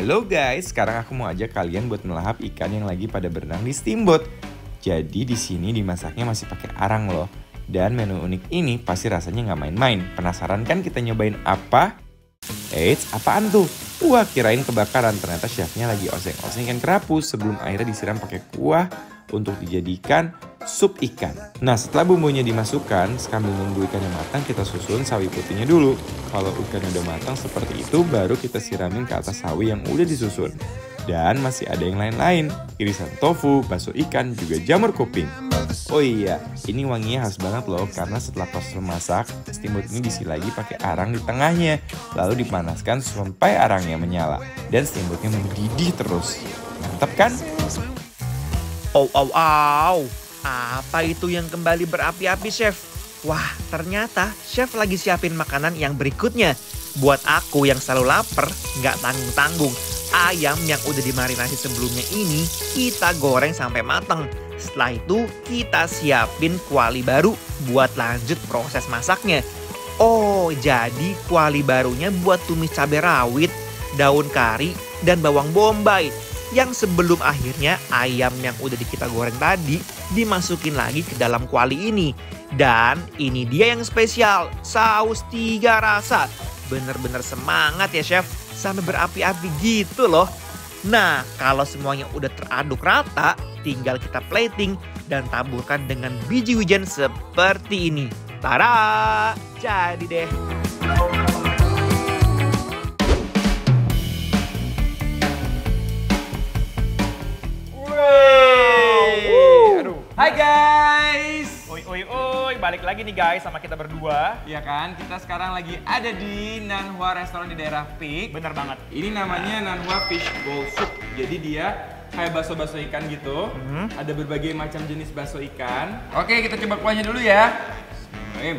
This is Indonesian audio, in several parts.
Hello guys, sekarang aku mau ajak kalian buat melahap ikan yang lagi pada berenang di steamboat. Jadi di sini dimasaknya masih pakai arang loh. Dan menu unik ini pasti rasanya nggak main-main. Penasaran kan kita nyobain apa? Eits, apaan tuh? Wah, kirain kebakaran. Ternyata chefnya lagi oseng-oseng ikan kerapu sebelum airnya disiram pakai kuah untuk dijadikan sup ikan. Nah, setelah bumbunya dimasukkan, sambil nunggu ikannya matang, kita susun sawi putihnya dulu. Kalau ikan udah matang seperti itu, baru kita siramin ke atas sawi yang udah disusun. Dan masih ada yang lain-lain, irisan tofu, bakso ikan, juga jamur kuping. Oh iya, ini wanginya khas banget loh karena setelah proses memasak, steamboat ini diisi lagi pakai arang di tengahnya, lalu dipanaskan sampai arangnya menyala dan steamboatnya mendidih terus. Mantap kan? Oh, oh, oh. Apa itu yang kembali berapi-api, Chef? Wah, ternyata Chef lagi siapin makanan yang berikutnya. Buat aku yang selalu lapar, nggak tanggung-tanggung. Ayam yang udah dimarinasi sebelumnya ini, kita goreng sampai matang. Setelah itu, kita siapin kuali baru buat lanjut proses masaknya. Oh, jadi kuali barunya buat tumis cabai rawit, daun kari, dan bawang bombay yang sebelum akhirnya ayam yang udah kita goreng tadi dimasukin lagi ke dalam kuali ini. Dan ini dia yang spesial, saus tiga rasa. Bener-bener semangat ya chef, sampai berapi-api gitu loh. Nah, kalau semuanya udah teraduk rata, tinggal kita plating dan taburkan dengan biji wijen seperti ini. Tara, jadi deh. Hai guys. Oi oi oi, balik lagi nih guys sama kita berdua. Iya kan? Kita sekarang lagi ada di Nanhua restoran di daerah Peak. Bener banget. Ini namanya Nanhua Fish Bowl Soup. Jadi dia kayak bakso-bakso ikan gitu. Mm-hmm. Ada berbagai macam jenis bakso ikan. Oke, kita coba kuahnya dulu ya. Bismillahirrahmanirrahim.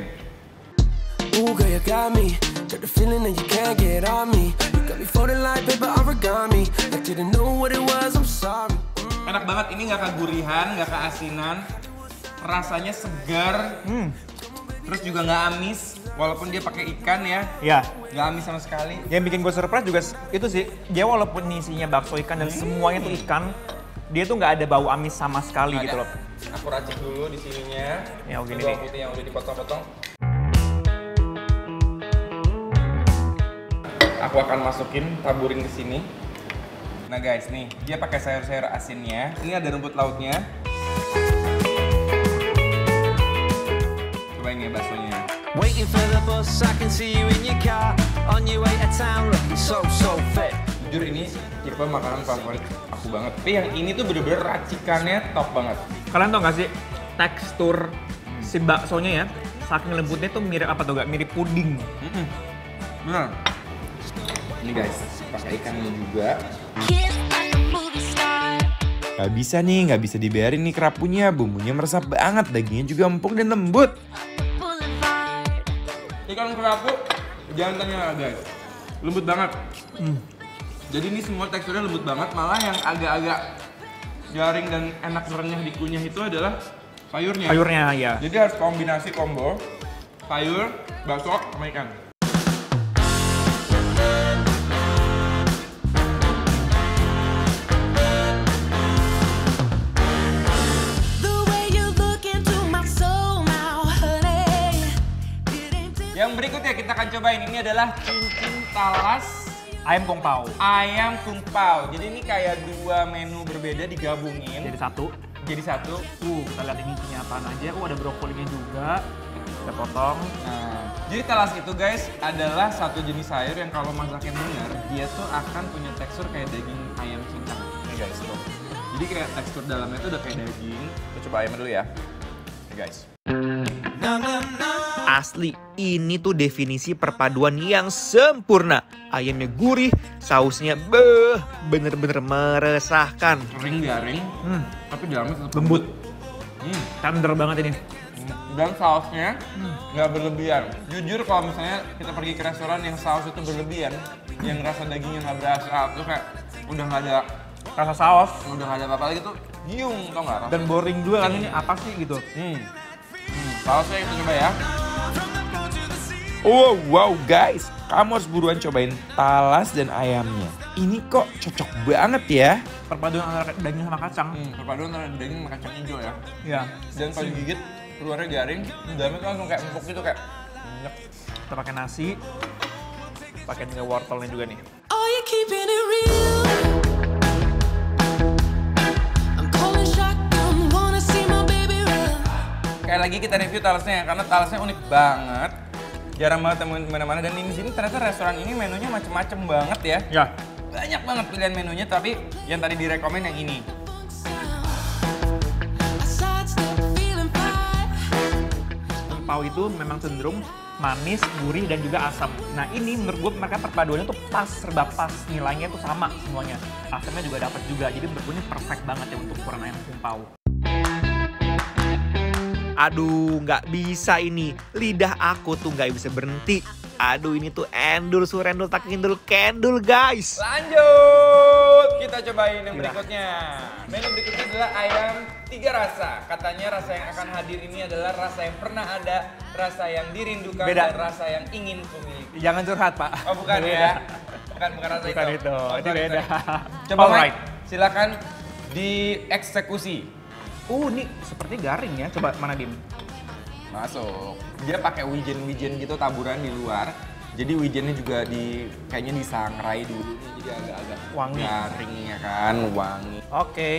Ooh, girl, you got me. Got the feeling that you can't get on me. You got me folding like paper origami. Like didn't know what it was, I'm sorry enak banget ini nggak kegurihan nggak keasinan rasanya segar hmm. terus juga nggak amis walaupun dia pakai ikan ya ya nggak amis sama sekali yang bikin gue surprise juga itu sih dia walaupun isinya bakso ikan dan hmm. semuanya tuh ikan dia tuh nggak ada bau amis sama sekali gak gitu ada. loh aku racik dulu di sininya ya begini bawang putih yang udah dipotong-potong aku akan masukin taburin ke sini Nah guys, nih dia pakai sayur-sayur asinnya. Ini ada rumput lautnya. Coba ini ya baksonya. Waiting for the bus, I can see you in your car On your way to town, looking so, so fit Jujur ini tipe makanan favorit aku banget Tapi yang ini tuh bener-bener racikannya top banget Kalian tau gak sih tekstur hmm. si baksonya ya Saking lembutnya tuh mirip apa tuh gak? Mirip puding mm -hmm. Bener nah. Ini guys pakai ikannya juga Gak bisa nih, gak bisa dibiarin nih kerapunya, bumbunya meresap banget, dagingnya juga empuk dan lembut. Ikan kerapu, jangan tanya guys, lembut banget. Hmm. Jadi ini semua teksturnya lembut banget, malah yang agak-agak jaring dan enak renyah dikunyah itu adalah sayurnya. Sayurnya ya. Jadi harus kombinasi combo sayur, bakso, sama ikan. Yang berikutnya kita akan cobain ini adalah cincin talas ayam kung pao. Ayam kung pao. Jadi ini kayak dua menu berbeda digabungin. Jadi satu. Jadi satu. Uh, kita lihat ini punya apa aja. Uh, ada brokolinya juga. Kita potong. Nah, jadi talas itu guys adalah satu jenis sayur yang kalau masakin benar, dia tuh akan punya tekstur kayak daging ayam cincang. Ini guys, tuh. Jadi kayak tekstur dalamnya tuh udah kayak daging. Kita coba ayam dulu ya. Ini guys. Nah, nah, nah asli ini tuh definisi perpaduan yang sempurna. Ayamnya gurih, sausnya beh, bener-bener meresahkan. Kering ya, ring, hmm. tapi dalamnya tetap lembut. Hmm. Tender banget ini. Hmm. Dan sausnya hmm. nggak hmm. berlebihan. Jujur kalau misalnya kita pergi ke restoran yang saus itu berlebihan, hmm. yang rasa dagingnya nggak berasa, tuh kayak udah nggak ada rasa saus, udah nggak ada apa-apa lagi tuh giung tau nggak? Dan boring juga kan ini apa sih gitu. Hmm. hmm. Sausnya itu coba ya. Oh wow guys, kamu harus buruan cobain talas dan ayamnya. Ini kok cocok banget ya. Perpaduan antara daging sama kacang. Hmm, perpaduan antara daging sama kacang hijau ya. Iya. Dan kalau digigit, luarnya garing, dalamnya tuh langsung kayak empuk gitu kayak minyak. Kita pakai nasi, pakai dengan wortelnya juga nih. Oh, lagi kita review talasnya karena talasnya unik banget jarang banget temuin mana-mana dan di sini ternyata restoran ini menunya macem-macem banget ya. Ya. Banyak banget pilihan menunya tapi yang tadi direkomend yang ini. Pau itu memang cenderung manis, gurih, dan juga asam. Nah ini menurut gue mereka perpaduannya tuh pas, serba pas. Nilainya tuh sama semuanya. Asamnya juga dapat juga. Jadi menurut gue ini perfect banget ya untuk ukuran ayam kumpau. Aduh, nggak bisa ini. Lidah aku tuh nggak bisa berhenti. Aduh, ini tuh endul, surendul, tak kendul, kendul, guys. Lanjut, kita cobain yang berikutnya. Menu berikutnya adalah ayam tiga rasa. Katanya rasa yang akan hadir ini adalah rasa yang pernah ada, rasa yang dirindukan, Beda. dan rasa yang ingin kumiliki. Jangan curhat, Pak. Oh, bukan beda. ya. Bukan, bukan rasa bukan itu. itu. Oh, sorry, ini beda. Coba, Alright. silakan dieksekusi. Uh, ini seperti garing ya. Coba mana Dim? Masuk. Dia pakai wijen-wijen gitu taburan di luar. Jadi wijennya juga di kayaknya disangrai dulu jadi agak-agak wangi. Garing ya kan, wangi. Oke. Okay.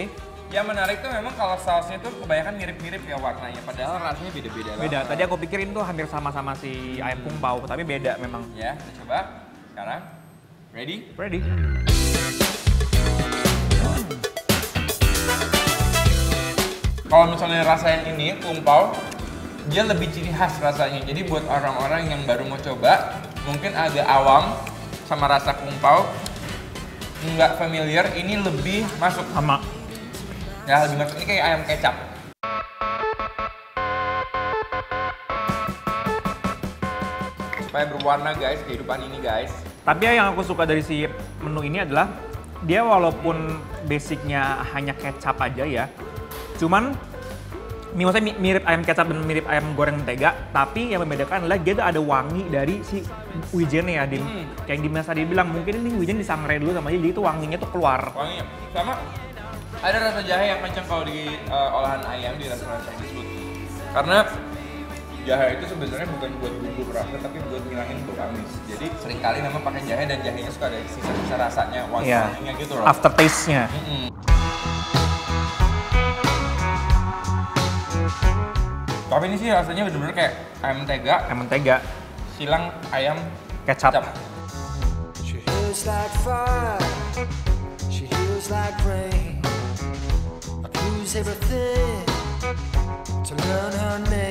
Yang menarik tuh memang kalau sausnya tuh kebanyakan mirip-mirip ya warnanya, padahal rasanya beda-beda. Beda. Tadi aku pikirin tuh hampir sama-sama si hmm. ayam kumpau, tapi beda memang. Ya, kita coba. Sekarang, ready? Ready. kalau misalnya rasain ini kumpau dia lebih ciri khas rasanya jadi buat orang-orang yang baru mau coba mungkin agak awam sama rasa kumpau nggak familiar ini lebih masuk sama ya lebih masuk ini kayak ayam kecap supaya berwarna guys kehidupan ini guys tapi yang aku suka dari si menu ini adalah dia walaupun basicnya hanya kecap aja ya Cuman mie maksudnya mirip ayam kecap dan mirip ayam goreng mentega, tapi yang membedakan adalah dia ada wangi dari si wijennya ya. Dim hmm. Kayak Dimas tadi bilang, mungkin ini wijen disangrai dulu sama dia, jadi itu wanginya tuh keluar. Wanginya, sama ada rasa jahe yang kenceng kalau di uh, olahan ayam di restoran Chinese disebut Karena jahe itu sebenarnya bukan buat bumbu rasa tapi buat ngilangin bau amis. Jadi seringkali memang pakai jahe dan jahenya suka ada sisa-sisa rasanya, wanginya yeah. gitu loh. Aftertaste-nya. Mm -hmm. tapi ini sih rasanya bener-bener kayak ayam mentega ayam mentega silang ayam kecap, kecap. to learn her name.